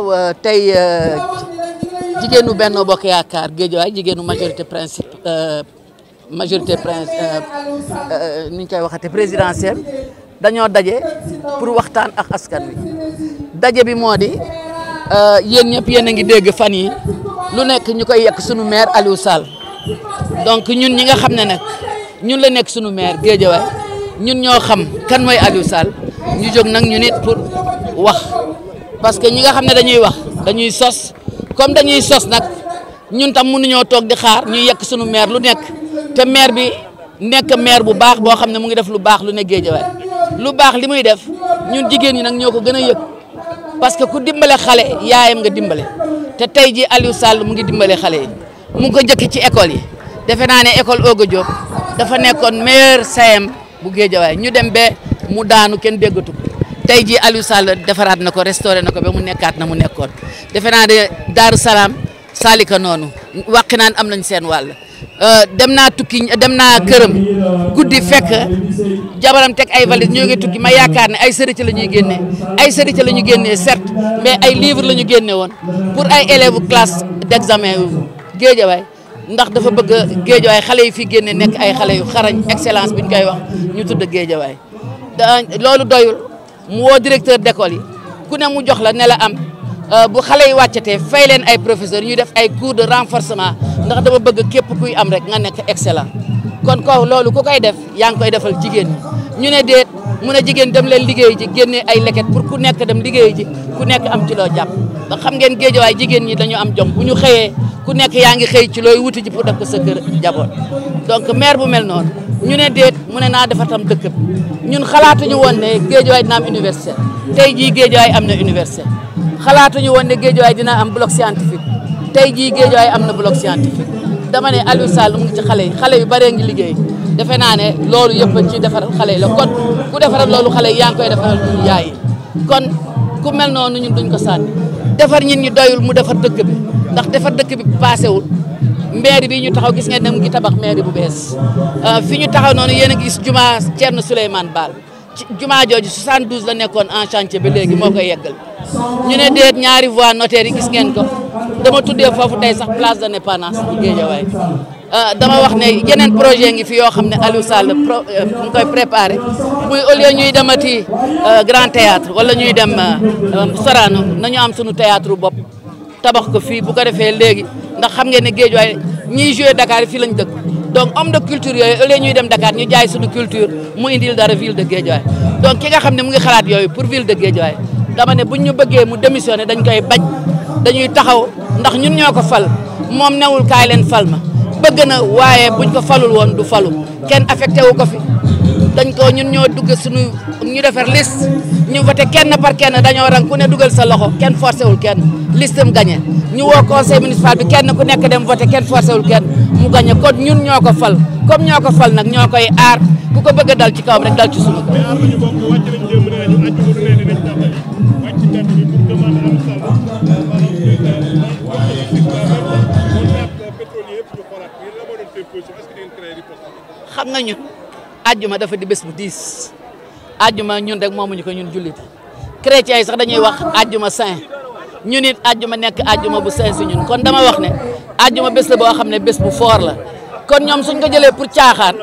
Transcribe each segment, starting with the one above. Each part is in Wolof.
waaw euh, tay euh, jigenu benno bokk gejjo ay jigenu majorité principe majorité prince euh niñ euh, koy waxate présidentiel dañoo daje pour waxtaan ak askan wi daje bi modi euh yeen ñep yéen a ngi dégg fan yi lu nekk ñukoy koy suñu maire Aliou Sall donc ñun ñi nga xamné nak ñun la nekk sunu maire géejawaay ñun ño xam kan moy Aliou Sall ñu jog nak ñu nit pour wax parce que ñi nga xam ne dañuy wax dañuy sos comme dañuy sos nag ñun tam mun mënuñoo toog di xaar ñu yekk suñu meer lu nekk te maire bi nekk maire bu baax boo xam ne mu ngi def lu baax lu ne Géejawaay lu baax li muy def ñun jigéen ñi nag ñoo ko gën a yëg parce que ku dimbale xale yaayam nga dimbale te tey ji Aliou Sall mu ngi dimbale xale yi mu ngi ko njëkk ci école yi defe naa ne école Ogo Diop dafa nekkoon meilleur CM bu Géejawaay ñu dem ba mu daanu kenn déggatu tey jii Aliou Sall defaraat na ko restauré na ko ba mu nekkaat na mu nekkoon defe naa de Daaru Salaam Salika noonu wàqi naan am nañ seen wàll euh, dem naa tukki dem naa këram guddi fekk jabaram teg ay valise ñoo ngi tukki may yaakaar ne ay sëriñ la ñuy génnee ay sëriñ la ñu génnee certes mais ay livre la ñu génne woon pour ay élèves classe d'examen yu géejawaay ndax dafa bëgg géejawaay xale yi fi génne nekk ay xale yu xarañ excellence bi ñu koy wax ñu tudd géejawaay mu woo directeur d'école yi ku ne mu jox la ne la am euh, bu xalé yi wàccatee fay len ay professeur ñu def ay cours de renforcement ndax dama bëgg képp kuy am rek nga nek excellent kon ko lolu ku koy def yang koy defal jigen ñi ñu ne déet mu ne jigen dem leen liggéey ci génné ay leket pour ku nek dem liggéey ci ku nek am ci lo japp ba xam ngeen way jigen ñi dañu am jom bu ñu xeyé ku nek yaangi xey ci loy wuti ci pour dak sa kër donc maire bu mel non ñu ne déet mu ne naa defar tam dëkk ñun xalaatuñu woon ne géejuwaay dina am université tey jii géejuwaay am na université xalaatuñu woon ne géejuwaay dina am bloc scientifique tey jii géejuwaay am na bloc scientifique dama ne Aliou Sall mu ngi ci xale yi xale yu bëree ngi liggéey defe naa ne loolu yëpp ci defaral xale yi la kon ku defaral loolu xale yi yaa ngi koy defaral ñun yaay yi kon ku mel noonu ñun duñ ko sànni defar ñin ñi doyul mu defar dëkk bi ndax defar dëkk bi paasewul mairie bi ñu taxaw gis ngeen ne mu ngi tabax mairie bu bees euh, fi ñu taxaw noonu yéen a ngi gis juma Thierno Souleymane Baal ci juma jooju 72 la nekkoon en chantier ba léegi moo koy yeggal ñu ne déet ñaari voie notaire yi gis ngeen ko dama tuddee foofu tey sax place de l'Indépendance bu Guédiawaye euh, dama wax ne yeneen projet ngi fi yoo xam ne Aliou Sall pro euh, mu koy préparé muy au lieu ñuy demati Grand Théâtre wala ñuy dem Sorano nañu am sunu théâtre bopp tabax ko fi bu ko defee léegi. ndax xam ngeen ne Guédiawaye ñiy joué Dakar fii lañ dëkk donc homme de culture yooyu au ñuy dem Dakar ñu jaay suñu culture mu indil dara ville de Guédiawaye donc ki nga xam ne mu ngi xalaat yooyu pour ville de Guédiawaye dama ne buñ ñu bëggee mu démissionné dañ koy bañ dañuy taxaw ndax ñun ñoo ko fal moom newul kaay leen fal ma bëgg na waaye buñ ko falul woon du falu kenn affecté wu ko fi dañ ko ñun ñoo dugg suñu ñu defar liste ñu voté kenn par kenn dañoo rang ku ne dugal sa loxo kenn forcé wul kenn liste am gagné ñu woo conseil municipal bi kenn ku nekk dem voté kenn forcé wul kenn mu gagné kon ñun ñoo ko fal comme ñoo ko fal nag ñoo koy aar ku ko bëgg a dal ci kawam rek dal ci suñu kaw. xam nga ñun. aljuma dafa di bes bu aju aljuma ñun rek ñu ko ñun julit chrétien yi sax dañuy wax aljuma saint ñun it aljuma nekk aljuma bu saint kon dama wax ne aljuma bes la bo xamne bes bu for la kon ñom suñ ko jëlé pour tiaxaan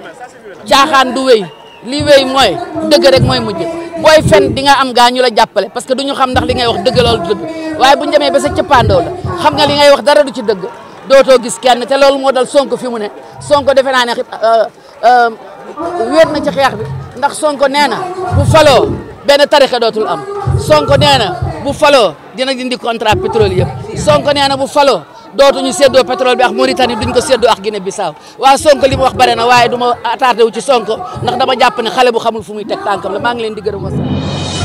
tiaxaan du wey li wey moy deug rek moy mujj boy fen di nga am gaa ñu la jappalé parce que duñu xam ndax li ngay wax deug lool deug waye buñu démé ba sa cëppaandoo la xam nga li ngay wax dara du ci deug doto gis kenn té lool mo dal sonko fi mu né sonko wéet na ci xeex bi ndax Sonko nee na bu faloo benn tarixa dootul am Sonko nee na bu faloo dina dindi contrat pétrole yëpp Sonko nee na bu faloo dootuñu séddoo pétrole bi ak Mauritanie duñ ko séddoo ak Guinée Bissau waa Sonko li mu wax bare na waaye duma ma attardé wu ci Sonko ndax dama jàpp ne xale bu xamul fu muy teg tànkam la maa ngi leen di gërëm wasalaam